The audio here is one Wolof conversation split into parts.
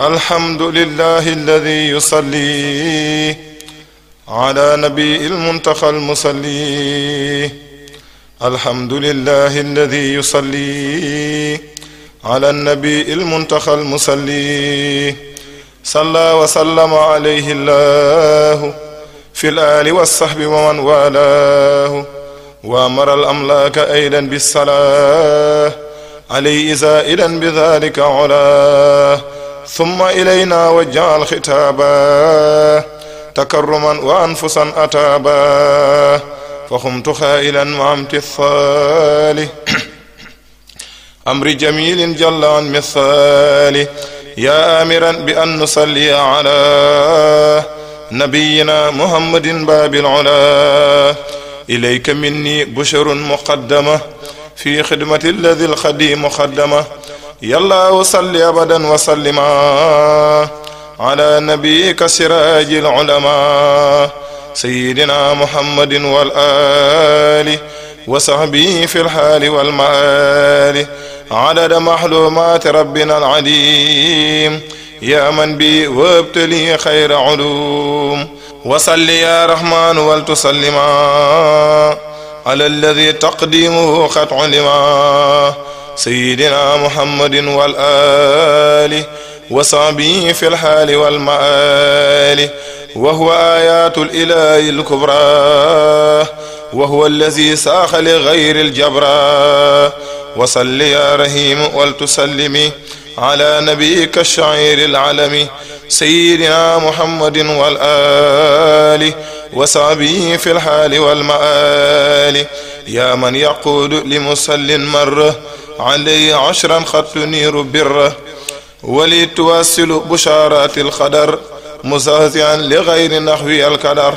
الحمد لله الذي يصلي على نبي المنتقى المصلي الحمد لله الذي يصلي على النبي المنتقى المصلي صلى وسلم عليه الله في الآل والصحب ومن والاه وأمر الأملاك أيضا بالصلاة علي زائلا بذلك علاه ثم إلينا وجعل ختابا تكرما وأنفسا أتابا فخمت خائلا وامتثال أمر جميل جل عن مثال يا آمرا بأن نصلي على نبينا محمد باب العلا إليك مني بشر مقدمة في خدمة الذي الخديم خدمه يلا وصل أبدا وسلم على نبيك سراج العلماء سيدنا محمد والآل وصحبه في الحال والمآل عدد محلومات ربنا العليم يا من بي وابتلي خير علوم وصل يا رحمن ولتسلما على الذي تقديمه خطع لما سيدنا محمد والآل وصابي في الحال والمآل وهو آيات الإله الكبرى وهو الذي ساخ لغير الجبرى وصل يا رحيم ولتسلمي على نبيك الشعير العلمي سيدنا محمد والآله وسع به في الحال والمآل يا من يقول لمصل مرة علي عشرا خطني رب بره ولي تواصل بشارات القدر مزازعا لغير نحو الكدر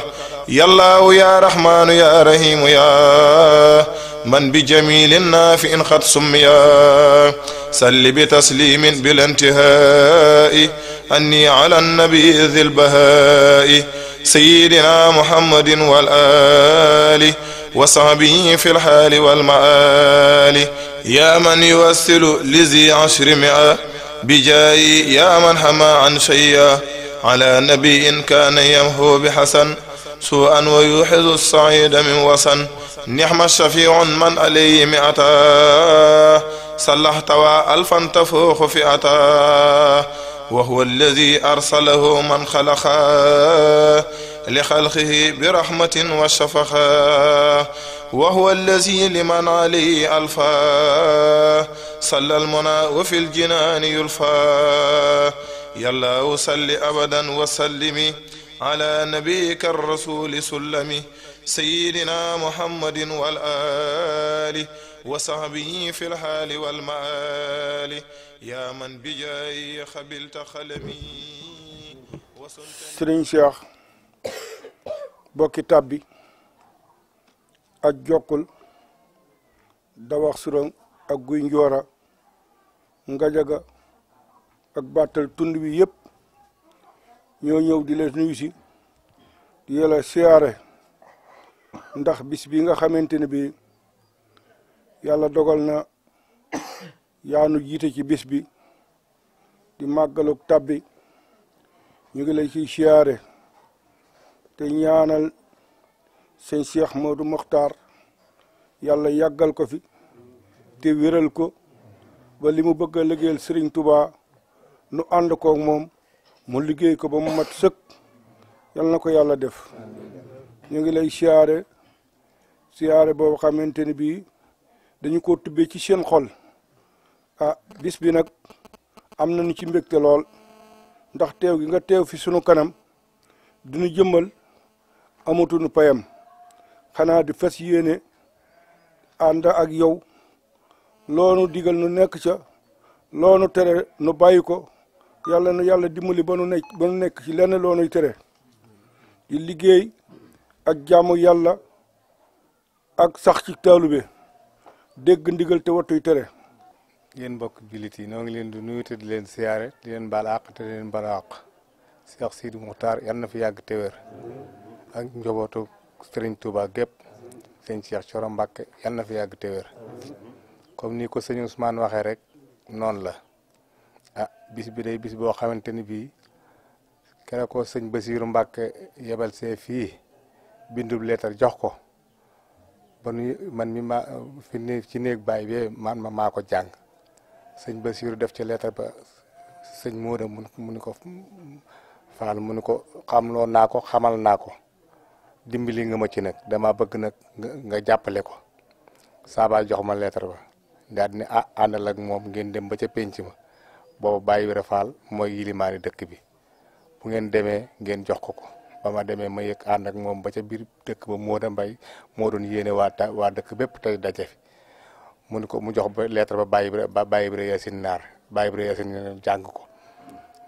يا الله يا رحمن يا رحيم يا من بجميل نافع قد سميا سل بتسليم بلا انتهاء أني على النبي ذي البهاء سيدنا محمد والآل وصحبه في الحال والمآل يا من يوسل لذي عشر مئة بجاي يا من حمى عن شيء على نبي كان يمهو بحسن سوءا ويوحز الصعيد من وسن نحم الشفيع من عليه مئتا صلحت وألفا تفوق فئتا وهو الذي أرسله من خلقه لخلقه برحمة وشفقة وهو الذي لمن عليه ألفا صلى المنى وفي الجنان يلفا يلا وصل أبدا وسلم على نبيك الرسول سلم سيدنا محمد والآل وصحبه في الحال والمآل yaa man bi jaay xabilta xalami sëriñ Cheikh bokki tab ak jokkul dawax suran ak guy njoora ngajaga ak bàttal tund bi yëpp ñoo ñëw di leen nuyu si di yàlla siyaare ndax bi nga xamante ne bi yàlla dogal na yaanu jiite ci bis bi di màggaluk tabbi ñu ngi lay ciy siyaare te ñaanal sëñ Cheikh Modou Mokhtar yàlla yàggal ko fi te wéral ko ba li mu bëgg a liggéeyal Serigne Touba nu ànd koog moom mu liggéey ko ba mu mat sëkk yal na ko yàlla def ñu ngi lay siyaare siyaare boobu xamante ni bii dañu ko tubbee ci seen xol ah bis bi nag am nañu ci mbégte lool ndax teew gi nga teew fi sunu kanam duñu jëmmal amatuñu payam xanaa di fas yéene ànd ak yow loonu diggal nu nekk ca loonu tere nu bàyyi ko yàlla nu yàlla dimbali ba nu nekk ba nu nekk ci lenn loonuy tere di liggéey ak jaamu yàlla ak sax ci taalube dégg ndigal te wattuy tere yéen mbokk jullit yi noo ngi leen du nuyu te leen siyaare di leen baal àq te di leen baal àq Cheikh Sidi Moukhtar fi yàgg te wér ak njobootu Serigne Touba gépp sëñ Cheikh Coro Mbàkke yal na fi yàgg te wér comme ni ko sëñ Ousmane waxee rek noon la ah bis bi day bis boo xamante ni bii kere ko sëñ Basiiru Mbàkke yebal see fii bindub leetar jox ko ba nu man mi ma fi ci néeg baay bi man ma maa ko jàng sëñ Basiiru def ci lettre ba sëñ Mooda mun munu ko faal munu ko xamloo naa ko xamal naa ko dimbali nga ma ci nag dama bëgg nag nga jàppale ko saabal jox ma lettre ba daal di ne ah àndal ak moom ngeen dem ba ca pénc ma booba bàyyi wér faal mooy yilimaani dëkk bi bu ngeen demee ngeen jox ko ko ba ma demee ma yëg ànd ak moom ba ca biir dëkk ba Mooda Mbay moo doon yéene waa waa dëkk bépp te daje mun ko mu jox lettre ba baye ba baye bi Yacine nar baye bi Yacine jang ko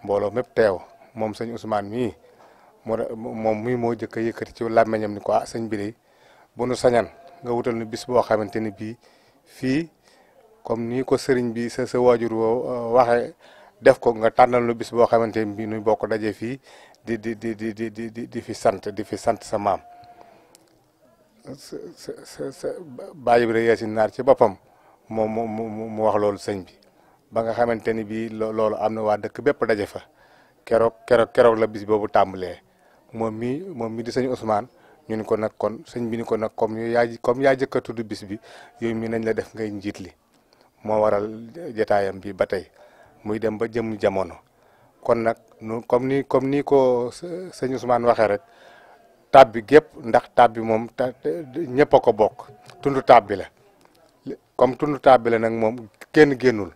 mbolo mépp tew mom seigne Ousmane mi mom mi mo jëk yëkëti ci lamagnam ni ko ah bi de bu nu sañan nga wutal ni bis bo xamanteni bi fi comme ni ko sëriñ bi sa sa wajur wo uh, waxe def ko nga tanal lu bis bo xamanteni bi bii nu bokk dajé fi di di di di di di di fi sante di fi sante sa mam bàyyi bi rek yee si naar ci boppam moo moo mu wax loolu sëñ bi ba nga xamante ni bii loolu am na waa dëkk bépp daje fa keroog keroog keroog la bis boobu tàmbalee moom mi moom mi di sëñ Ousmane ñu ni ko nag kon sëñ bi ni ko nag comme yaa comme yaa jëkk a tudd bi yooyu mi nañ la def ngay njiit li moo waral jataayam bi ba tey muy dem ba jëm jamono kon nag nu comme ni comme ni ko sëñ Ousmane waxee rek tab bi gépp ndax tab bi moom ñëpp a ko bokk tund tab bi la comme tund bi la nag moom kenn génnul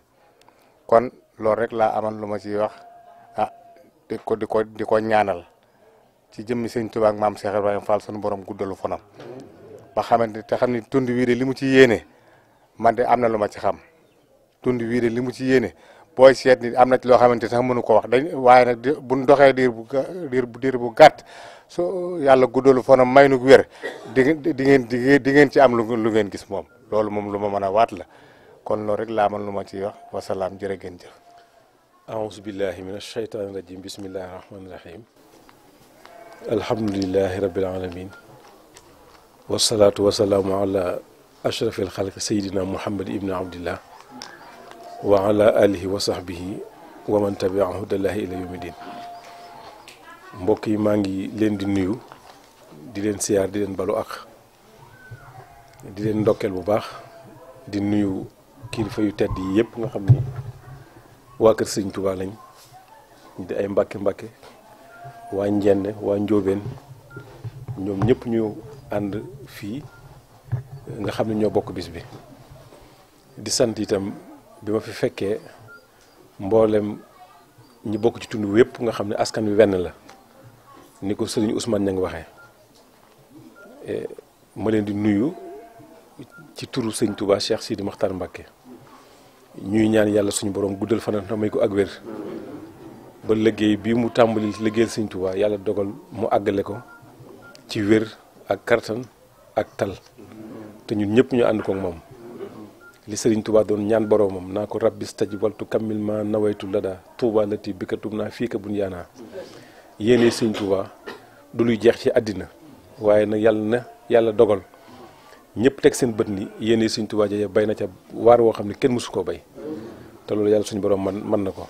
kon loolu rek laa aman lu ma ciy wax a ah, di ko di ko di ko ñaanal ci jëmmi sëñ Tuubaa ak maam Cheikh Ibrahima Fall sunu borom guddalu fanam ba xamante te xam ni tund wii de li mu ci yéene man de am na lu ma ci xam tund wii de li mu booy seet ni am na ci loo xamante sax mënu ko wax dañ waaye nag buñ doxee diir bu diir bu diir bu gàtt su yàlla guddalu fanam may nu wér di di ngeen di ngeen ci am lu ngeen gis moom loolu moom lu ma mën a waat la kon loolu rek laa man lu ma ciy wax wasalaam jërë ngeen jëf aousu billahi min asheytaani rajim bismillahi rahmaani rahim alhamdulilahi rabbil alamin wasalaatu wasalaamu ala ashrafil xalq sayidina muhammad ibni abdillah وعلى آله وصحبه waman tabia hudallahi ila yawmi din mbokk yi maa ngi leen di nuyu di leen siyaar di leen balu ak di leen ndokkeel bu baax di nuyu kilifa yu tedd yi yëpp nga xam ni waa kër sëñ Tuubaa lañ di ay mbàkke mbàkke waa njenn waa njóobeen ñoom ñëpp ñu ànd fii nga xam ne ñoo bokk bis bi di sant itam bi ma fi fekkee mbooleem ñi bokk ci tund wépp nga xam ne askan wi wenn la ni ko sëriñ Ousmane Niang waxee e, ma leen di nuyu ci turu sëñ Touba Cheikh Sidi Makhtar Mbacké ñuy ñaan yàlla suñu borom guddal fanaan may ko ak wér ba liggéey bii mu tàmbali liggéeyal sëñ Touba yàlla dogal mu àggale ko ci wér ak kartan ak tal te ñun ñëpp ñu ànd kook moom li Serigne Touba doon ñaan boroomam naa ko rabbi stajib waltu kammil ma nawaytu lada Touba lati bi ka tub naa fii ka buñ yaanaa yéene Serigne du luy jeex ci àddina waaye nag yàlla na yàlla dogal ñëpp teg seen bët ni yéene Serigne Touba jaye bay na ca waar woo xam ne kenn mësu koo bay te loolu yàlla suñu borom man man na ko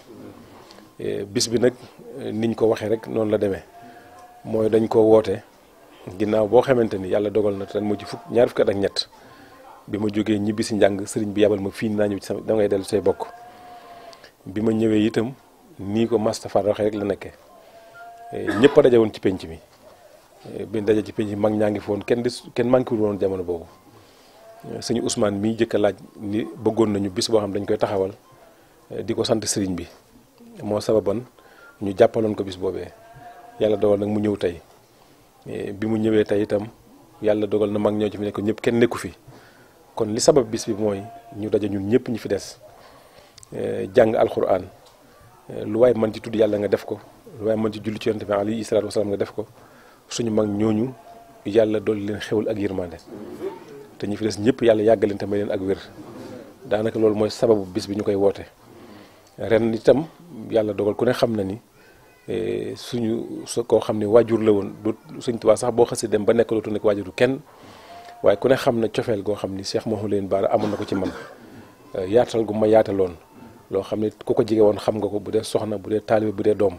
e, bis bi nag e, niñ ko waxee rek noonu la demee mooy dañ ko woote ginnaaw boo xamante ni yàlla dogal na te mu ci fukk ñaar fukk ak ñett bi ma jógee ñibbi si njàng sëriñ bi yabal ma fii naa ñëw ci sama da ngay dellu say bokk bi ma ñëwee itam nii ko Mustapha waxee rek la nekkee e, ñëpp a daje woon ci penc mi e, bi daje ci penc mi mag ñaa ngi foon kenn di kenn manqué woon jamono boobu e, sëñ Ousmane mii jëkk a laaj ni bëggoon nañu bis boo xam dañ koy taxawal di ko sant sëriñ bi moo sababan ñu jàppaloon ko bis boobee yàlla dogal nag mu ñëw tey bi mu ñëwee tey itam yàlla dogal na mag ñoo ci fi nekk ñëpp kenn nekku fi. kon li sabab bis bi mooy ñu daje ñun ñëpp ñi fi des eh, jàng alxuraan eh, lu waaye man ci tudd yàlla nga def ko lu waay mën ci julli ci yonent bi alayhi salaatu wa nga def ko suñu mag ñooñu yàlla dolli leen xewal ak yërmande te fi des ñëpp yàlla yàggal leen te ak wér daanaka loolu mooy sababu bis bi ñu koy woote ren itam yàlla dogal ku ne xam na ni eh, suñu koo xam ne waajur la woon du Sëñ Tuubaa sax boo xasee dem ba nekk lootu nekk kenn waaye ku ne xam na cofeel goo xam ni Cheikh Mawlana leen Baara amoon na ko ci man euh, yaatal gu ma yaataloon loo xam ne ku ko jege woon xam nga ko bu dee soxna bu dee taalibe bu dee doom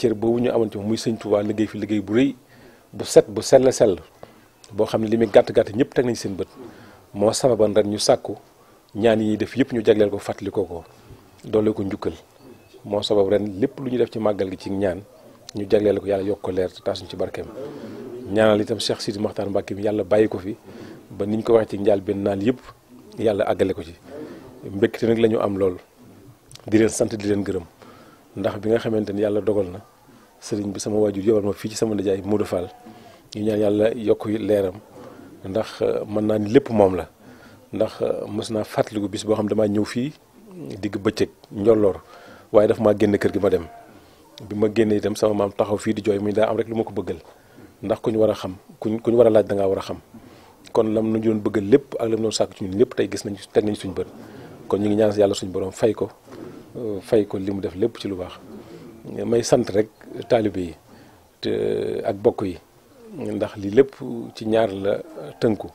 cër boobu ñu amoon ci muy sëñ Touba liggéey fi liggéey bu rëy bu set bu sell sell boo xam ne li muy gàtt gàtt ñëpp teg nañ seen bët moo sababan ren ñu sàkku ñaan yi def yëpp ñu jagleel ko fàttali ko ko doole ko njukkal moo sabab ren lépp lu ñu def ci màggal gi ci ñaan ñu jagleel ko yàlla yokk leer te taasuñ ci barkeem ñaanal itam Cheikh Sidi Mokhtar Mbacke mi yàlla bàyyi fi ba niñ ko wax ci njaal ben naan yeb yalla agale ko ci mbégte nak lañu am lool di len sante di len gërëm ndax bi nga xamanteni yalla dogal na serigne bi sama waajur yobal ma fi ci sama ndjay Modou Fall ñu ñaan yàlla yokk leeram ndax euh, man naa ni lépp moom la ndax euh, musna naa bis bo xam dama ñew fi dig beccëk njolloor waye daf ma genn kër gi ma dem bima genné itam sama mam taxaw fi di joy muy da am rek luma ko bëggal ndax ku ñu war a xam kuñ ku war a laaj da ngaa war a xam kon lam nu doon bëgg lépp ak lam doon sàkk ci ñun lépp tey gis nañ teg nañ suñu bët kon ñu ngi ñaar yàlla suñu borom fay ko euh, fay ko li mu def lépp ci lu baax may sant rek taalibe yi te ak bokk yi ndax lii lépp ci ñaar la tënku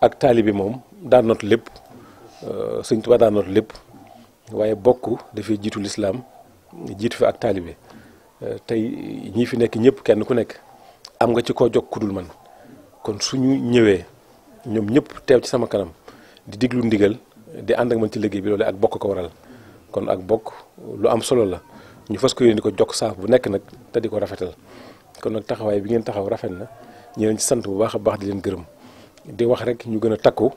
ak taalibe moom daan not lépp euh, Sëñ Tuubaa daa not lépp waaye bokk dafay jiitu lislaam jiitu fi ak taalibe euh, tey ñii fi nekk ñëpp kenn ku nekk am nga ci ko jog kudul man kon su ñu ñëwee ñoom ñëpp teew ci sama kanam di diglu ndigal di ànd ak man ci liggéey bi loolu ak bokk ko waral kon ak bokk lu am solo la ñu fas ko yéene di ko jokk saaf bu nekk nag te di ko rafetal kon nag taxawaay bi ngeen taxaw rafet na ñu ci sant bu baax a baax di leen gërëm di wax rek ñu gën a takku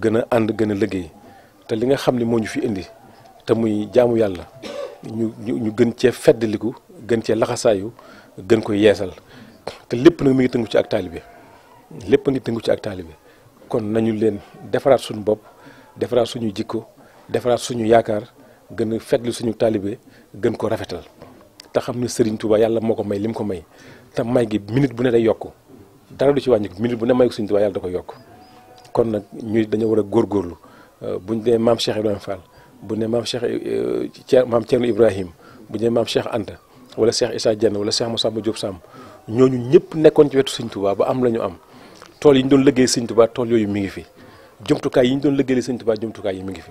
gën a ànd gën a liggéey te li nga xam ni moo ñu fi indi te muy jaamu yàlla ñu ñu gën cee feddaliku gën cee laxasaayu gën koy yeesal te lépp nag mi ngi tëngu ci ak taalibe lépp ngi tëngu ci ak taalibe kon nañu leen defaraat suñu bopp defaraat suñu jikko defaraat suñu yaakaar gën a fetlu suñu taalibe gën ko rafetal te xam ne Serigne Touba yàlla moo ko may li mu ko may te may gi minute bu ne day yokk dara du ci wàññi minute bu ne may ko Serigne Touba yàlla da ko yokk kon nag ñuy dañoo war a góorgóorlu euh, buñ dee maam Cheikh Ibrahima Fall bu ne maam Cheikh euh, Thierno maam Thierno Ibrahim bu ne maam Cheikh Anta wala Cheikh Issa Dieng wala Cheikh Moussa Diop Samb ñooñu ñëpp nekkoon ci wetu Sëñ Tuubaa ba am la ñu am tool yi ñu doon liggéey Sëñ Tuubaa tool yooyu mi ngi fi jumtukaay yi doon liggéey Sëñ Tuubaa yi mi ngi fi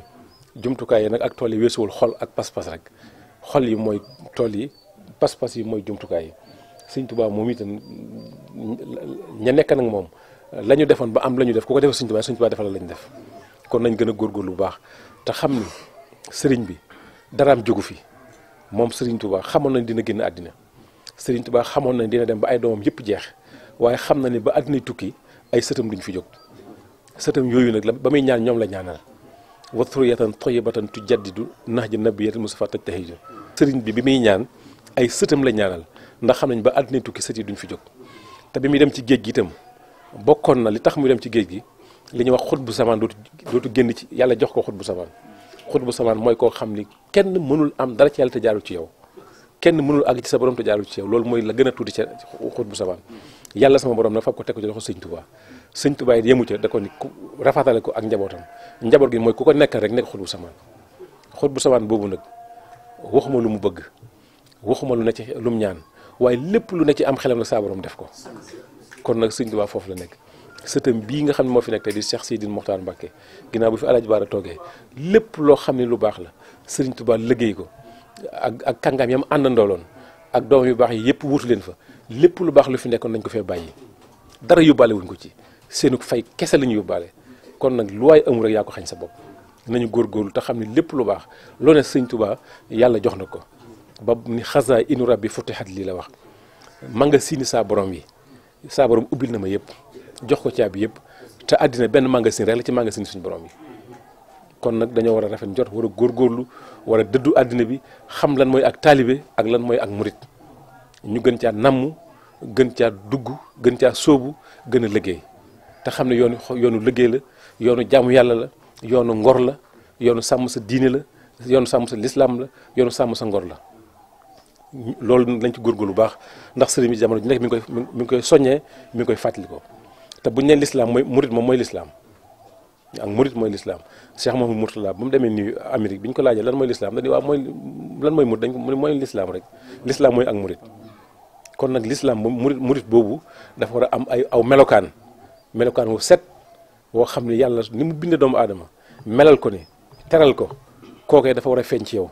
jumtukaay yi nag ak tool yi weesuwul xol ak pas-pas rek xol yi mooy tool yi pas-pas yi mooy jumtukaay yi Sëñ Tuubaa moom itam ña nekk nag moom la ñu defoon ba am la ñu def ku ko defee Sëñ Tuubaa Sëñ Tuubaa defal la def kon nañ gën a góorgóorlu lu baax te xam ni sëriñ bi dara am jógu fi moom Sëriñ Tuubaa xamoon nañ dina génn àddina Serigne Touba xamoon na dina dem ba ay doomam yëpp jeex waaye xam na ne ba àddina tukki ay sëtam duñ fi jóg sëtam yooyu nag la ba muy ñaan ñoom la ñaanal wa thriyatan tayyibatan tujaddidu nahja nabiyyatil Mustafa tajtahidu Serigne bi bi muy ñaan ay sëtam la ñaanal ndax xam nañ ba àddina tukki sët yi duñ fi jóg te bi muy dem ci géej gi itam bokkoon na li tax muy dem ci géej gi li ñuy wax xut bu samaan dootu dootu génn ci yàlla jox ko xut bu samaan xut bu samaan mooy koo xam ni kenn mënul am dara ci yàlla te jaarul ci yow kenn mënul àgg ci sa borom te jaarul ci yow loolu mooy la gën a tuuti ca xut bu sabaan yàlla sama borom nag fab ko teg ko ci loxo sëñ Tuubaa sëñ Tuubaa it yemu ca ko ni ku rafatale ko ak njabootam njaboot gi mooy ku ko nekkal rek nekk xut bu bu sabaan boobu nag waxuma lu mu bëgg waxuma lu ne ci lu mu ñaan waaye lépp lu ne ci am xelam nag saa def ko kon nag sëñ Tuubaa foofu la nekk sëtam bii nga xam ne moo fi nekk tey di Cheikh Sidine Mokhtar Mbacké ginnaaw bu fi alaaj Baara toogee lépp loo xam ne lu baax la sëriñ Tuubaa liggéey ko ak ak kàngaam yam àndandooloon ak doom yu baax yi yëpp wuutu leen fa lépp lu baax lu fi nekkoon nañ ko fee bàyyi dara yóbbaale wuñ ko ci seenu fay kese la ñu yóbbaale kon nag lu waaye amul rek yaa ko xañ sa bopp nañu góor góorlu te xam ne lépp lu baax loo ne sëñ Tuubaa yàlla jox na ko ba ni xasaa inu rabbi futtihat lii la wax ma nga sini saa borom yi saa borom ubbil na ma yëpp jox ko caabi yëpp te àddina benn magasin rek la ci magasin suñ borom yi kon nag dañoo war a rafet njort war a war a dëddu àddina bi xam lan mooy ak taalibe ak lan mooy ak morit ñu gën caa namm gën caa dugg gën caa sóobu gën a liggéey te xam ne yoonu yoonu liggéey la yoonu jaamu yàlla la yoonu ngor la yoonu sàmm sa diine la yoonu sàmm sa lislaam la yoonu sàmm sa ngor la loolu lañ ci góorgóorlu lu baax ndax sëriñ bi jamono ju nekk mu ngi koy mi ngi koy soññee mi ngi koy fàttali ko te buñ ne lislaam mooy murit moom mooy lislaam ak mourid moy l'islam Cheikh mohammed Mourtala bu mu demé ni Amérique biñ ko laajee lan moy l'islam dañ wa moy lan moy mourid dañ ko mooy lislaam rek l'islam moy ak mourid kon nak l'islam mourid mourid bobu dafa wara am ay aw melokan melokan wu set wo xamni yàlla ni mu bindé doomu adama melal ko ni teral ko koké dafa wara fenc yow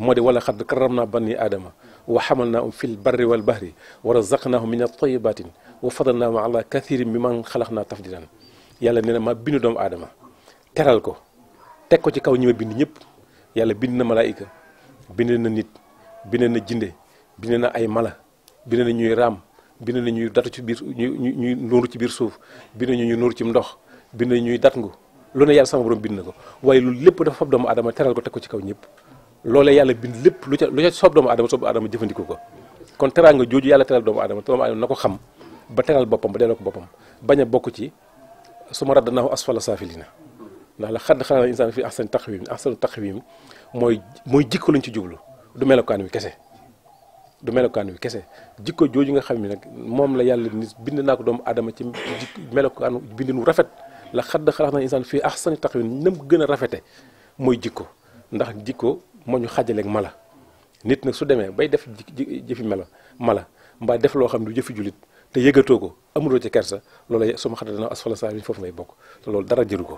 modi wala khad karam bani adama wa xamal um fil barri wal bahri wa razaqnahum min at tayyibati wa fadalnaahum ala kathirin mimman khalaqna tafdilan yàlla nee na ma bindu doomu aadama teral ko teg ko ci kaw ñi bind ñëpp yàlla bind na malaayika bind na nit bind na jinde bind na ay mala bind na ñuy raam bind na ñuy datu ci biir ñu ñuy nuuru ci biir suuf bind na ñuy nuuru ci ndox bind na ñuy datngu lu ne yàlla sama borom bind na ko waaye loolu lépp dafa fab doomu adama teral ko teg ko ci kaw ñëpp loolee yàlla bind lépp lu ca lu ca soob doomu aadama soob aadama jëfandiku ko kon nga jooju yàlla teral doomu aadama doomu aadama na ko xam ba teral boppam ba delloo ko boppam bañ a bokk ci suma raddanaahu asfala saafilina ndax la xadd xanaa insaan fi ahsan taqwim ahsanu taqwim mooy mooy jikko lañ ci jublu du melokaan wi kese du melokaan wi kese jikko jooju nga xam ne nag moom la yàlla nit bind naa ko doomu aadama ci melokaanu bindinu rafet la xadd xalax na insaan fii ahsani taqwim nam gën a rafete mooy jikko ndax jikko moo ñu xajaleeg mala nit nag su demee bay def jëfi mela mala mbaa def loo xam ne du jëfi julit te yëgatoo ko amuloo ci kersa loolu suma xata dana asfala saa yi foofu ngay bokk loolu dara jëru ko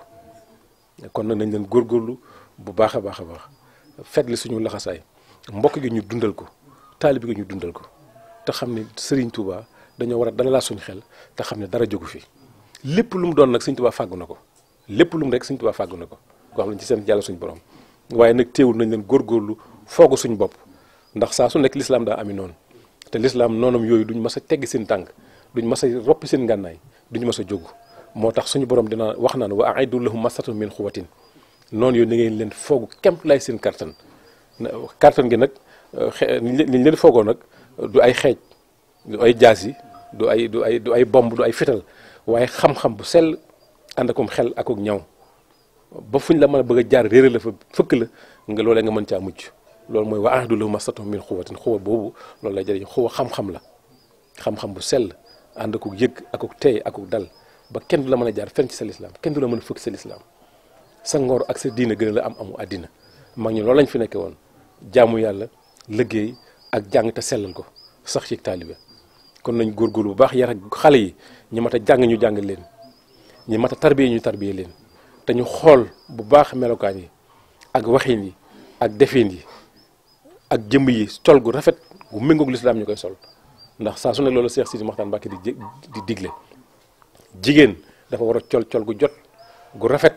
kon nag nañ leen góorgóorlu bu baax a baax a baax fetli suñu laxasaay mbokk gi ñu dundal ko taalibi gi ñu dundal ko te xam ne sëriñ Touba dañoo war a laa suñu xel te xam ne dara jógu fi lépp lu mu doon nag Serigne Touba fàggu na ko lépp lum mu rek Serigne Touba fàggu na ko koo xam ne ci seen yàlla suñu borom waaye nag teewul nañ leen góorgóorlu foogu suñu bopp ndax saa su nekk lislaam daa ami noonu te lislaam noonam yooyu duñ mas a tegg seen tànk duñ mësa a roppi seen ngànnaay duñ mësa a jógu moo tax suñu borom dina wax naan wa aidu lahum masatun min xuwatin noonu yooyu na ngeen leen foogu kemt lay seen carton carton gi nag niñ leen foogoo nag du ay xeej du ay jaas du ay du ay du ay bomb du ay fital waaye xam-xam bu sell ànd akum xel ak ak ñaw ba fuñ la mën a bëgg a jaar réere la fa fëkk la nga loolee nga mën caa mucc loolu mooy wa ahdu lahum masatun min xuwatin xuwa boobu loolu lay jëriñ xuwa xam-xam la xam-xam bu sell Anda akuk yëg akuk tey akuk dal ba kenn dula la mën a jaar fenn ci sa lislaam kenn du la mën a fëgg sa ngor ak sa diina gën la am amu adina mag ñu loolu lañ fi nekke woon jaamu yàlla liggéey ak jàng te sellal ko sax ci taalibe kon nañ góorgóorlu bu baax yar ak xale yi ñu mat a jàng ñu jàng leen ñu mat a ñu tarbiye leen te ñu xool bu baax melokaan yi ak waxin yi ak defin yi ak yi gu rafet gu méngoog l'islam ñu sol ndax saa su ne loolu Cheikh Sidi Mokhtar Mbacké di di digle jigéen dafa war a col col gu jot gu rafet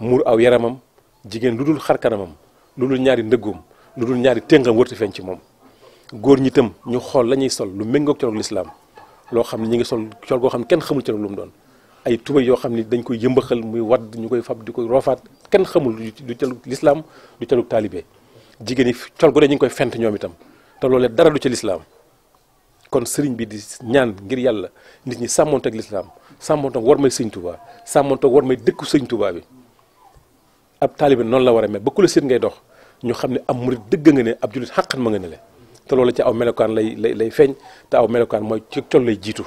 muur aw yaramam jigéen lu dul xar kanamam lu dul ñaari ndëggoom lu dul ñaari téngam wërti feeñ ci moom góor ñi tam ñu xool la ñuy sol lu méngoog colog lislaam loo xam ne ñu ngi sol col goo xam ne kenn xamul colog lu mu doon ay tubay yoo xam ne dañ koy yëmbaxal muy wadd ñu koy fab di koy roofaat kenn xamul du colug lislaam du colug taalibe jigéen yi col gu ne ñu ngi koy fent ñoom itam te loolee dara du ca lislaam kon sëriñ bi di ñaan ngir yàlla nit ñi sàmmonte ak lislaam sàmmonte ak war may sëñ tubaa sàmmonte war may dëkku sëñ tubaa bi ab taalibe noonu la war a mel ba ngay dox ñu xam ne am murit dëgg nga ne ab jullit xàqan ma nga ne le te loolu ci aw melokaan lay lay lay feeñ te aw melokaan mooy ci col lay jiitu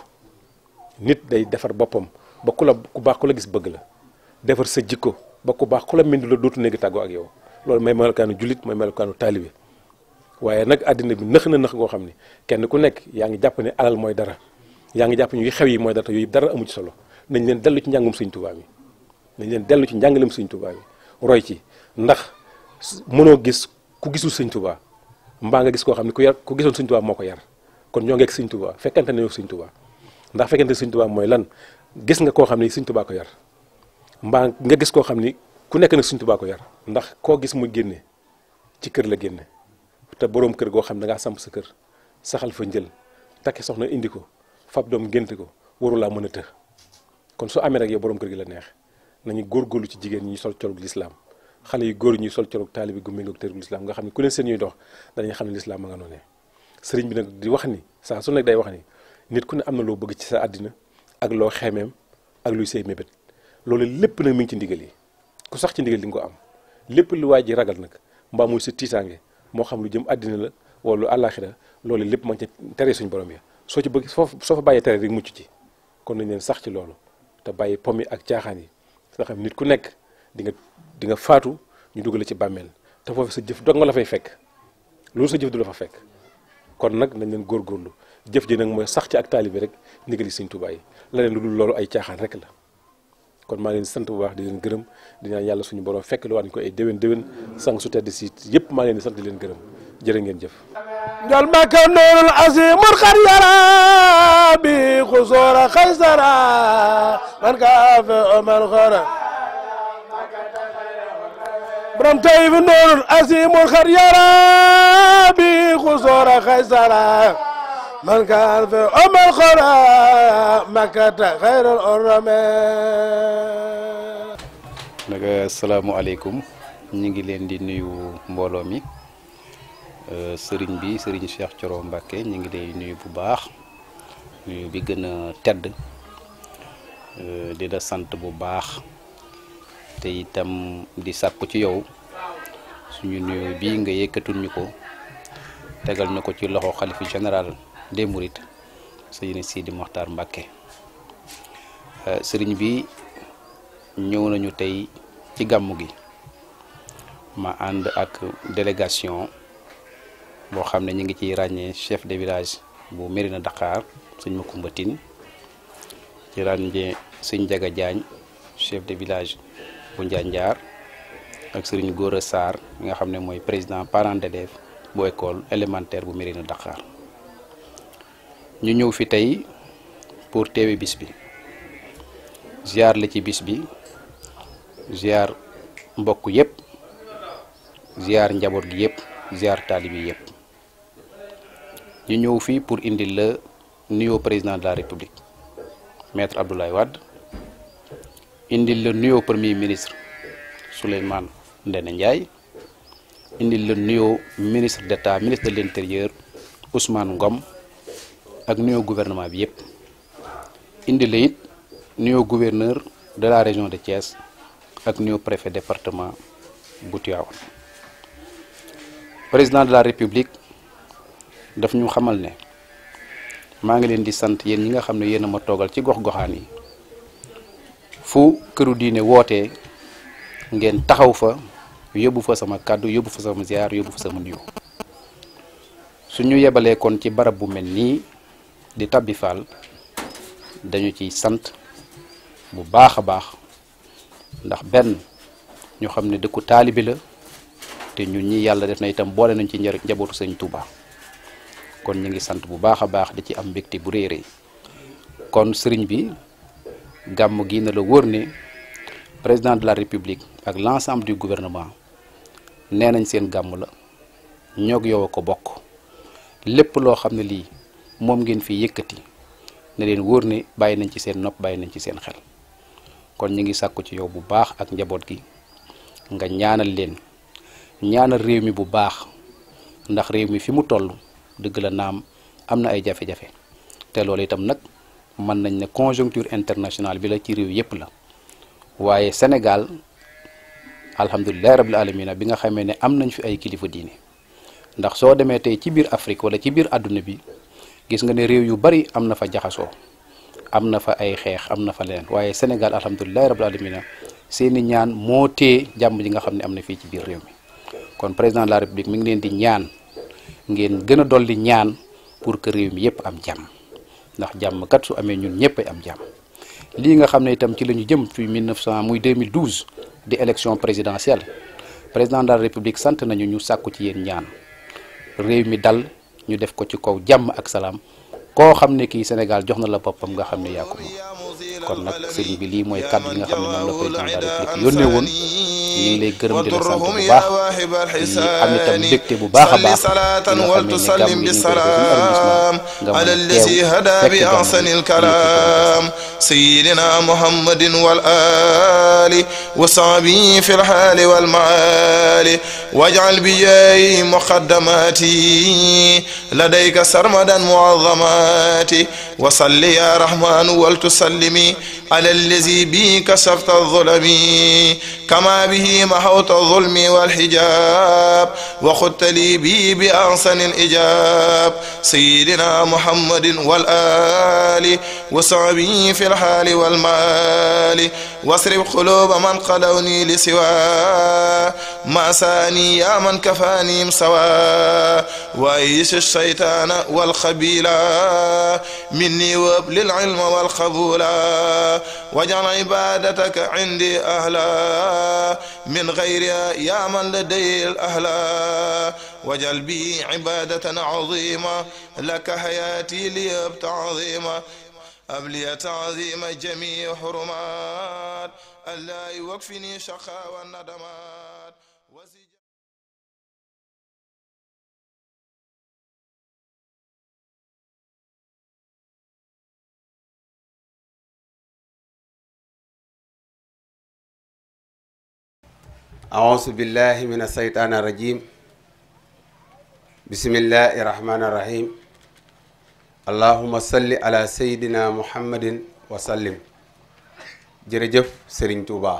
nit day defar boppam ba ku la ku baax ku la gis bëgg la defar sa jikko ba ku baax ku la mindi la dootu néegi tàggoo ak yow loolu mooy melokaanu jullit mooy melokaanu taalibe waaye nag àddina bi nëx na nëx goo xam ne kenn ku nekk yaa ngi jàpp ne alal mooy dara yaa ngi jàpp ne yu xew yi mooy dara te yooyu dara amu ci solo nañ leen dellu ci njàngum sëñ Tuubaa mi leen dellu ci njàngalem sëñ Tuubaa mi roy ci ndax mënoo gis ku gisul sëñ Tuubaa mbaa nga gis koo xam ne ku yar ku gisoon sëñ moo ko yar kon ñoo ngi ak sëñ Tuubaa fekkante ne ñoo sëñ Tuubaa ndax fekkante sëñ Tuubaa mooy lan gis nga koo xam ne sëñ Tuubaa ko yar mbaa nga gis koo xam ni ku nekk nag sëñ Tuubaa ko yar ndax koo gis mu génne ci kër la génne te boroom kër goo xam ne dangaa samp sa kër saxal fa njël takki soxna indi ko fab doom génte ko laa mën a të kon su amee rek yow boroom kër gi la neex nañu góorgóorlu ci jigéen ñi sol colug lislaam xale yu góor ñuy sol colug taalibi gu méngoog tërug lislaam nga xam ne ku leen seen ñuy dox danañ xam ne lislaam ma nga noonee sëriñ bi nag di wax ni saa su nekk day wax ni nit ku ne am na loo bëgg ci sa àddina ak loo xemeem ak luy say mébét loolu lépp nag mi ci ndigal yi ku sax ci ndigal di nga ko am lépp lu waay ji ragal nag mbaa muy sa tiitaange moo xam lu jëm àddina la wala lu àllaaxira loolu lépp ma ngi ca tere suñu borom ya soo ci bëgg soo soo fa bàyyee tere rek mucc ci kon nañ leen sax ci loolu te bàyyi pom yi ak caaxaan yi nga xam nit ku nekk dinga di nga faatu ñu dugale ci bàmmeel te foofu sa jëf dog nga la fay fekk loolu sa jëf du la fa fekk kon nag nañ leen góorgóorlu jëf ji nag mooy sax ci ak taalibi rek ndigali Sëriñ Tuubaa yi leen lu dul loolu ay caaxaan rek la kon maa ngi sant bu baax di leen gërëm di ñaan yàlla suñu borom fekk lu waat ko ay déwén déwén sang su tedd si yëpp maa ngi sant di leen gërëm jërë jëf njol maka noonul asimul xar yara bi من كان في أم القرى مكة خير الأرم nag asalaamaaleykum ñu ngi leen di nuyu mbooloo mi euh, sëriñ bi sëriñ Cheikh Thioro Mbacké ñu ngi lay nuyu bu baax nuyu bi gën a tedd euh, di la sant bu baax te itam di sàkku ci yow suñu nuyu bi nga yëkkatul ko tegal na ko ci loxo xalifi général des mourides sëriñ Sidi Mokhtar Mbacke euh, sëriñ bi ñëw nañu tey ci gàmmu gi ma ànd ak délégation boo xam ne ngi chef de village bu merina Dakar sëñ Makumba Tine ci ràññee Jaga chef de village bu Njanjaar ak sëriñ Gora Sarr nga xam ne président parent d'élève bu école élémentaire bu merina Dakar ñu ñëw fi tey pour teewe bis bi ziar la ci bis bi ziar mbokk yépp ziar njaboot gi yépp ziar taalibi yépp ñu ñëw fii pour indil la nuyoo président de la république maître Abdoulaye Wade indil la nuyoo premier ministre Souleymane Ndéné Ndiaye indil la nuyoo ministre d'État ministre de l'intérieur Ousmane Ngom ak nuyoo gouvernement bi yëpp indi la it nuyoo gouverneur de la région de Thiès ak nuyoo préfet département bu président de la république daf ñu xamal ne maa ngi leen di sant yéen ñi nga xam ne yéen a ma toogal ci gox-goxaan yi fu këru diine wootee ngeen taxaw fa yóbbu fa sama kàddu yóbbu fa sama ziar yóbbu fa sama nuyoo su ñu yebalee kon ci barab bu mel nii. di tabbi faal dañu ciy sant bu baax a baax ndax benn ñu xam ne dëkku taalibi la te ñun ñi yàlla def na itam boole nañ ci njëriñ njabootu sëñ Touba kon ñu ngi sant bu baax baax di ci am mbégte bu kon sëriñ bi gàmm gi na la wóor président de la république ak l' ensemble du gouvernement nee seen la yow a ko bokk lépp moom ngeen fi yëkkati ne leen wóor ne bàyyi nañ ci seen nopp bàyyi nañ ci seen xel kon ñu ngi sàkku ci yow bu baax ak njaboot gi nga ñaanal leen ñaanal réew mi bu baax ndax réew mi fi mu toll dëgg la naam am na ay jafe-jafe te loolu itam nag mën nañ ne conjoncture internationale bi la ci réew yépp la waaye Sénégal alhamdulilah rabil alamina bi nga xamee ne am nañ fi ay kilifa diine ndax soo demee tey ci biir Afrique wala ci biir àdduna bi. gis nga ne réew yu bari am na fa jaxaso am na fa ay xeex am na fa leneen waaye Sénégal alhamdulilahi rabbil alamina seeni ñaan moo tee jàmm ji nga xam ne am na fii ci biir réew mi kon président de la république mi ngi leen di ñaan ngeen gën a dolli ñaan pour que réew mi yépp am jàmm ndax jàmm kat su amee ñun ñëpp am jàmm lii nga xam ne itam ci lañu jëm fi 1900 muy 2012 di élection présidentielle président de la république sant nañu ñu sàkku ci yéen ñaan réew mi dal ñu def ko ci kaw jàmm ak salaam koo xam ne kii Sénégal jox na la boppam nga xam ne yaa ko kon nak serigne bi li moy kàddu nga xamne mom la koy jangal la République won ñi lay gërëm di la sant bu baax di am tam dekte bu baaxa baax salatan wa tusallim bi salam ala allazi hada a baax di nga xam ne ni gàmm gi ñu ngi koy def ci arrondissement nga وصل يا رحمن ولتسلمي على الذي به كسرت الظلم كما به محوت الظلم والحجاب وخدت لي به بأحسن الإجاب سيدنا محمد والآل وصعبي في الحال والمال واصرف قلوب من قلوني لسوا ما ساني يا من كفاني مسوا وايش الشيطان والخبيلا مني وابل العلم والقبولا واجعل عبادتك عندي أهلا من غيرها يا من لدي الأهلا واجعل بي عبادة عظيمة لك حياتي ليبت عظيمة أبلي تعظيم جميع حرمات ألا يوقفني شقاء والندمات أعوذ بالله من الشيطان الرجيم بسم الله الرحمن الرحيم allahuma salli ala seydina muhammadin wa sallim jërëjëf sëriñ Touba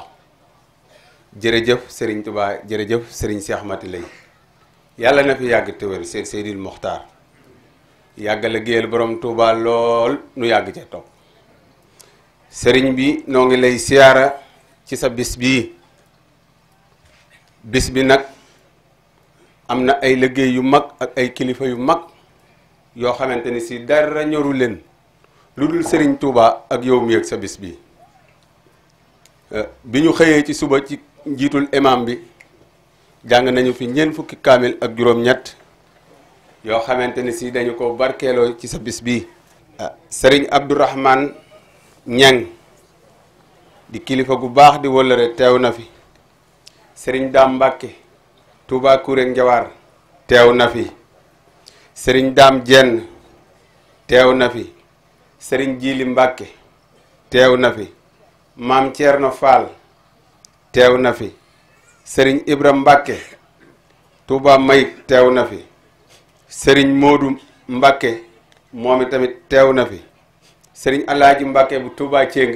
jërëjëf sëriñ Touba jërëjëf sëriñ Cheikh Mati Lay yàlla na fi yàgg téwér seen Seydil Mokhtar yàgg liggéeyal borom Touba lool nu yàgg ca topp sëriñ bi noo ngi lay siyaara ci sa bis bii bis bi nag am na ay liggéey yu mag ak ay kilifa yu mag yoo xamante ni si dara ñoru leen lu dul sëriñ Touba ak yow mi ak sa bis bi euh, bi ñu xëyee ci suba ci njiitul imam bi jàng nañu fi ñeent fukki kaamil ak juróom-ñett yoo xamante ni si dañu ko barkeeloo ci sa bis bi euh, Serigne Abdourahman Ñang di kilifa gu baax di wëllëre teew na fi sëriñ Dame Mbacke Touba Kouré Ndiawar teew na fi sëriñ daam jenn teew na fi sëriñ jiili mbàkke teew na fi maam Thierno Fall teew na fi sëriñ ibra mbàkke Touba Mayib teew na fi sëriñ moodu mbàkke moom itamit teew na fi sëriñ alaaji mbàkke bu Touba Céng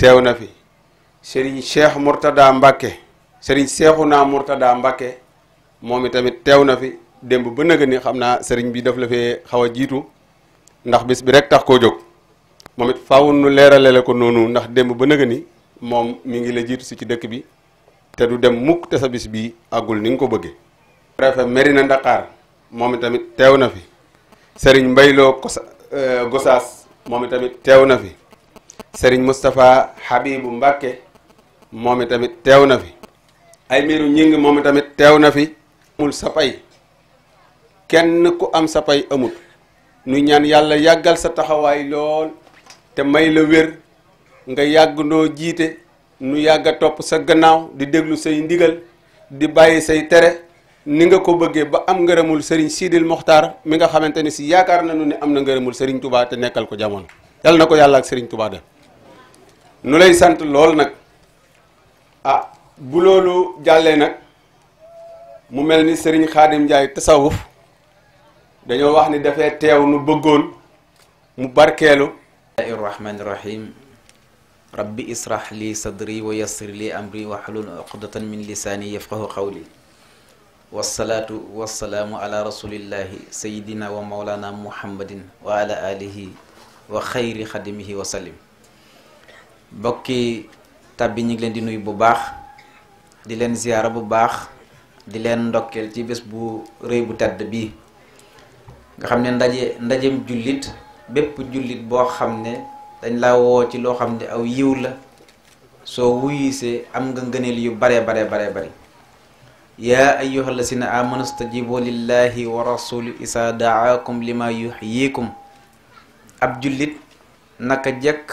teew na fi sëriñ cheikh Mourtada Mbàkke sëriñ na Mourtada Mbàkke moom itamit teew na fi dem bu nëga ni xamna naa sëriñ bi daf la fee xawa jitu ndax bis bi rek tax ko jog momit it faaw nu leerale la ko nonu ndax dem bu nëga ni mom mi ngi la jitu ci ci dëkk bi te du dem mukk te sa bis bi agul ni nga ko bëggee préfet merina Dakhar momit tamit teew na fi sëriñ Mbayloo euh, gossas momit tamit teew na fi sëriñ Moustapha Habibu Mbàkke momit tamit teew na fi ay miiru ñing momit tamit teew na fi mul sapay kenn ku am sa pay amul nu ñaan yàlla yàggal sa taxawaay lool te may la wér nga yàgg noo jiite nu yàgg a topp sa gannaaw di déglu say ndigal di bàyyi say tere ni nga ko bëggee ba am ngërëmul sëriñ Sidil Mokhtar mi nga xamante ne si yaakaar nañu ni am na ngërëmul sëriñ Touba te nekkal ko jamono yàlla na ko yàlla ak sëriñ Touba def nu lay sant lool nag ah bu loolu jàllee nag mu mel ni sëriñ Xaadim Njaay tasawuf dañoo wax ni dafay teew nu bëggoon mu barkeelu irrahmani irrahim rabbi israh li sadri wa yassir li amri wa xalul uqdatan min lisani yafqahu qawli wasalaatu wasalaamu ala rasulillahi sayidina wa maulana muhammadin wa ala alihi wa xayri xadimihi wa salim bokki tàbbi ñi ngi leen di nuyu bu baax di leen ziyaara bu baax di leen ndokkeel ci bés bu rëy bu tedd bii nga xam ne ndaje ndajem jullit bépp jullit boo xam ne dañ la woo ci loo xam ne aw yiw la soo wuyisee am nga ngëneel yu bare bare bare bari yaa ayyuha allasina amanu stajibu lillahi wa rasuli isa daakum lima yuxyikum ab jullit naka jëkk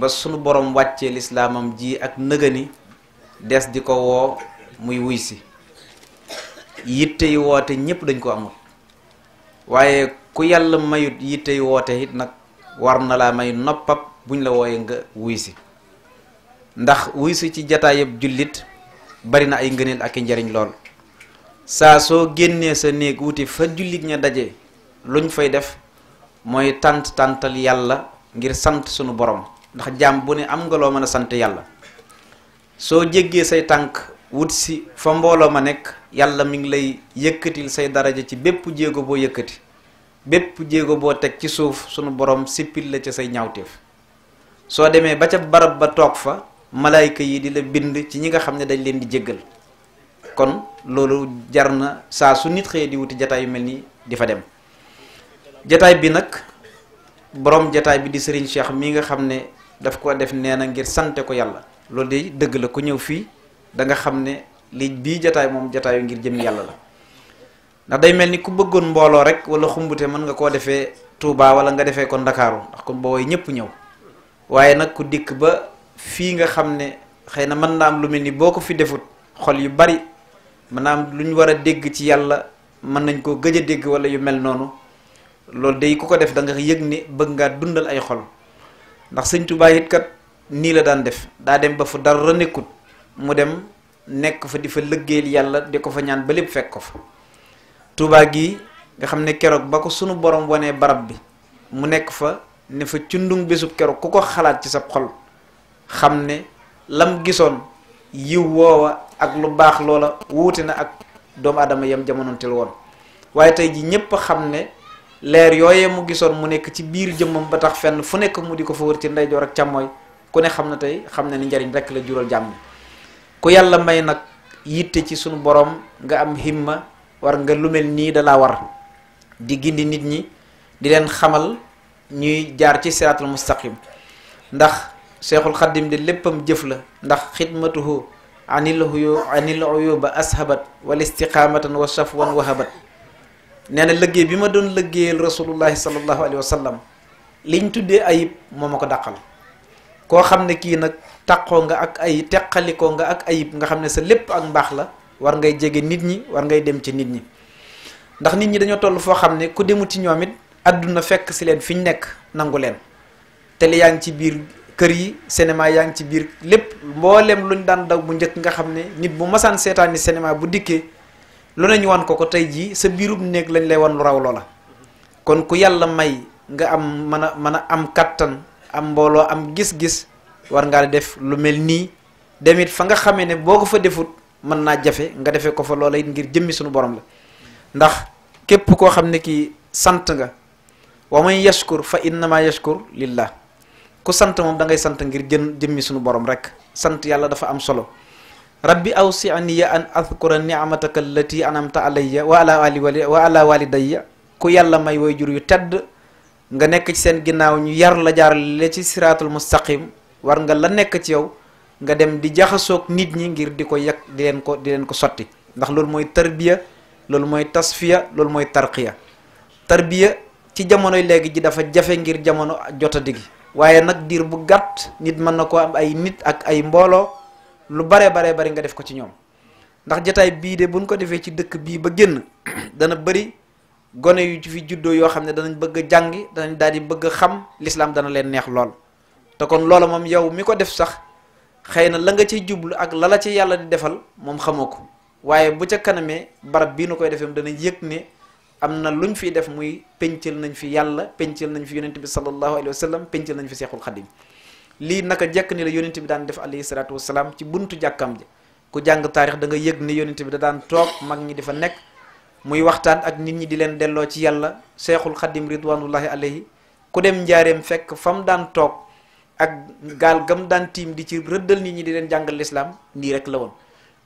ba sunu borom wàccee lislaamam ji ak nëgëni des di ko woo muy wuy si yitte yi woote ñépp dañ ko amul waaye ku yàlla mayut yittey woote it nag war na laa may noppab buñ la wooyee nga wuy si ndax wuy ci jataay jullit bari na ay ngëneel ak i njariñ lool saa soo génnee sa néeg wuti fa jullit ña daje ñu fay def mooy tant tantal yàlla ngir sant sunu borom ndax jaam bu ne am nga loo mën a sant yàlla soo jéggee say tànk wut fa mbooloo ma nekk yàlla mi ngi lay yëkkatil say daraja ci bépp jéego boo yëkkati bépp jéego boo teg ci suuf sunu boroom sippil la ca say ñaawteef soo demee ba ca barab ba toog fa malaayka yi di la bind ci ñi nga xam ne dañ leen di jéggal kon loolu jar na saa su nit xëyee di wuti jataay yu mel nii di dem jataay bi nag borom jataay bi di Serigne Cheikh mi nga xam ne daf ko def nee na ngir sante ko yàlla loolu de dëgg la ku ñëw fii da xam ne li bii jataay moom jataayu ngir jëm yàlla la ndax day mel ni ku bëggoon mbooloo rek wala xumbute mën nga koo defee Touba wala nga defee ko Ndakaaru ndax ko boo woy ñëpp ñëw waaye nag ku dikk ba fii nga xam ne xëy na mën naa am lu mel ni boo ko fi defut xol yu bari mën naa am lu ñu war a dégg ci yàlla mën nañ koo gëj a dégg wala yu mel noonu loolu day ku ko def danga yëg ni bëgg nga dundal ay xol ndax sëñ Touba it kat nii la daan def daa dem ba fu dara mu dem nekk fa di fa lëggéeyal yàlla di ko fa ñaan ba lépp fekk ko fa Touba gi nga xam ne keroog ba ko sunu borom wanee barab bi mu nekk fa ne fa cundung bésub keroog ku ko xalaat ci sa xol xam ne lam gisoon yiw woowa ak lu baax loola wuute na ak doomu aadama yam jamonoonteel woon waaye tey ji ñépp xam ne leer yooyee mu gisoon mu nekk ci biir jëmmam ba tax fenn fu nekk mu di ko fa wër ci ndeyjoor ak càmmooy ku ne xam na tey xam na ni njariñ rekk la jural jàmm ku yàlla may nag yitte ci sunu boroom nga am himma war nga lu mel nii dalaa war di gindi nit ñi di leen xamal ñuy jaar ci siraatul mustaqim ndax cheikhul xaddim di léppam jëf la ndax xidmatuhu anil huyu anil ba ashabat wal istiqamatan wa safwan wahabat nee na liggéey bi ma doon liggéeyal rasulullahi sallallahu alayhi wa sallam liñ tuddee ayib moo ma ko dàqal ko xamne ne nak takko nga ak ay tekkaliko nga ak ayib nga xamne ne sa lepp ak mbax la war ngay jégué nit ñi war ngay dem ci nit ñi ndax nit ñi dañu tollu fo xamne ne ku demu ci ñoom aduna fekk ci len fiñ nek nekk nangu leen télé yaang ci biir kër yi cinéma yaang ci biir lepp mbollem luñ daan daw bu ñëk nga xamne nit bu masaan seetaani cinéma bu dikké lu ne wan ko ko tay ji sa biirub nek lañ lay wan lu raw lola kon ku yalla may nga am mana mana am kattan am mbooloo am gis-gis war ngaa def lu mel nii demit fa nga xamee ne boo ko fa defut mën naa jafe nga defee ko fa loola it ngir jëmmi suñu borom la ndax képp koo xam ne kii sant nga wa man yashkur fa innama yashkur lillah ku sant moom da ngay sant ngir jën jëmmi suñu borom rek sant yàlla dafa am solo rabbi awsi'niya an adkura ni'mataka allati an'amta alayya wa ala wali wa ku yàlla may way jur yu tedd nga nek ci sen ginnaaw ñu yar la jaar le ci siratul mustaqim war nga la nek ci yow nga dem di jaxasoog nit ñi ngir di yak di len ko di len ko soti ndax lool moy tarbiya lool moy tasfiya lool moy tarqiya tarbiya ci jamono legi ji dafa jafé ngir jamono jotta digi waye nak dir bu gatt nit man nako am ay nit ak ay mbolo lu bare bare bare nga def ko ci ñom ndax jotaay bi de buñ ko defé ci dëkk bi ba genn dana bari gone yu fi juddoo yoo xam ne danañ bëgg a jàngi danañ daal di bëgg a xam lislaam dana leen neex lool te kon loola moom yow mi ko def sax xëy na la nga ciy jublu ak la la ci yàlla di defal moom xamoo ko waaye bu ca kanamee barab bii nu koy defee danañ yëg ne am na lu ñu fi def muy pencal nañ fi yàlla pencal nañ fi yonent bi sallallahu alayhi wa sallam pencal nañ fi seexul xadim lii naka jekk ni la yonent bi daan def alayhi salaatu wasalaam ci buntu jàkkam ji ku jàng da nga yëg ne yonent bi da toog mag di fa nekk muy waxtaan ak nit ñi di leen delloo ci yàlla cheikhul xadim ridwanullahi alayhi ku dem njaareem fekk fam daan toog ak gaal gam daan tiim di ci rëddal nit ñi di leen jàngal lislaam nii rek la woon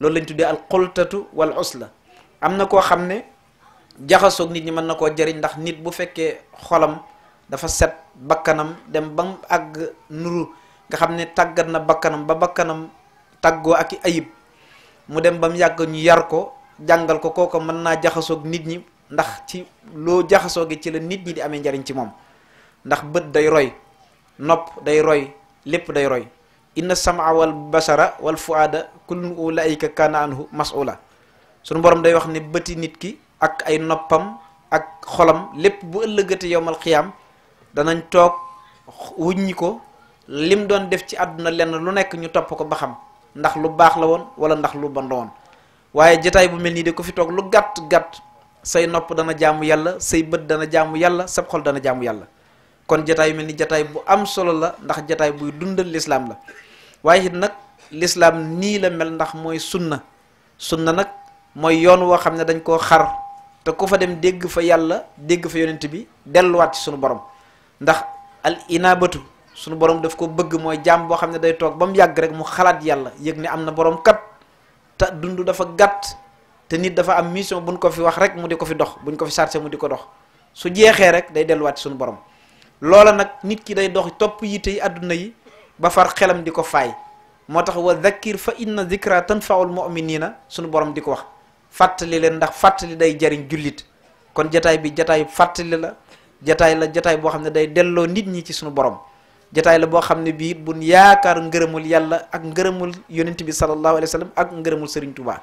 loolu lañ tuddee al xultatu wal usla am na koo xam ne jaxasoog nit ñi mën na koo jariñ ndax nit bu fekkee xolam dafa set bakkanam dem ba ag àgg nuru nga xam ne tàggat na bakkanam ba bakkanam tàggoo ak ayib mu dem ba mu yàgg ñu yar ko jangal ko man na jaxaso ak nit ñi ndax ci jaxaso gi ci la nit ñi di amé njariñ ci mom ndax bët day roy nopp day roy lepp day roy inna sama wal basara wal fuada kullu ulaika kana anhu mas'ula sunu borom day wax ni beuti nit ki ak ay noppam ak xolam lepp bu ëllëgëte yowmal xiyaam danañ tok wuññi ko lim doon def ci aduna lenn lu nekk ñu top ko ba xam ndax lu baax la won wala ndax lu bon waaye jataay bu mel nii de ko fi toog lu gàtt gàtt say nopp dana jaamu yàlla say bët dana jaamu yàlla sab xol dana jaamu yàlla kon jataay mel ni jataay bu am solo la ndax jataay buy dundal lislaam la waaye it nag lislaam nii la mel ndax mooy sunna sunna nag mooy yoon woo xam ne dañ koo xar te ku fa dem dégg fa yàlla dégg fa yonent bi delluwaat ci sunu borom ndax al inaabatu sunu borom daf ko bëgg mooy jaam boo xam ne day toog ba mu yàgg rek mu xalaat yàlla yëg ne am na boroom kat te dund dafa gàtt te nit dafa am mission buñ ko fi wax rek mu di ko fi dox buñ ko fi chargé mu di ko dox su jeexee rek day delluwaat suñu borom loola nag nit ki day dox topp yitte yi àdduna yi ba far xelam di ko faay moo tax wa zakkir fa inna zikra tanfaul na suñu borom di ko wax fàttali leen ndax fàttali day jariñ jullit kon jataay bi jataay fàttali la jataay la jataay boo xam ne day delloo nit ñi ci suñu borom jataay la boo xam ne bii bu yaakaar ngërëmul yàlla ak ngërëmul yonent bi sallallahu alayhi wa sallam ak ngërëmul Serigne Touba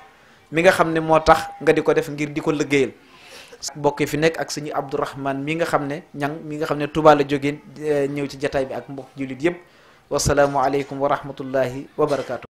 mi nga xam ne moo tax nga di ko def ngir di ko liggéeyal mbokk yi fi nekk ak suñu Abdourahman mi nga xam ne ñang mi nga xam ne Touba la jógee eh, ñëw ci jataay bi ak mbokk jullit yëpp wasalaamualeykum wa rahmatullahi wa barakaatu.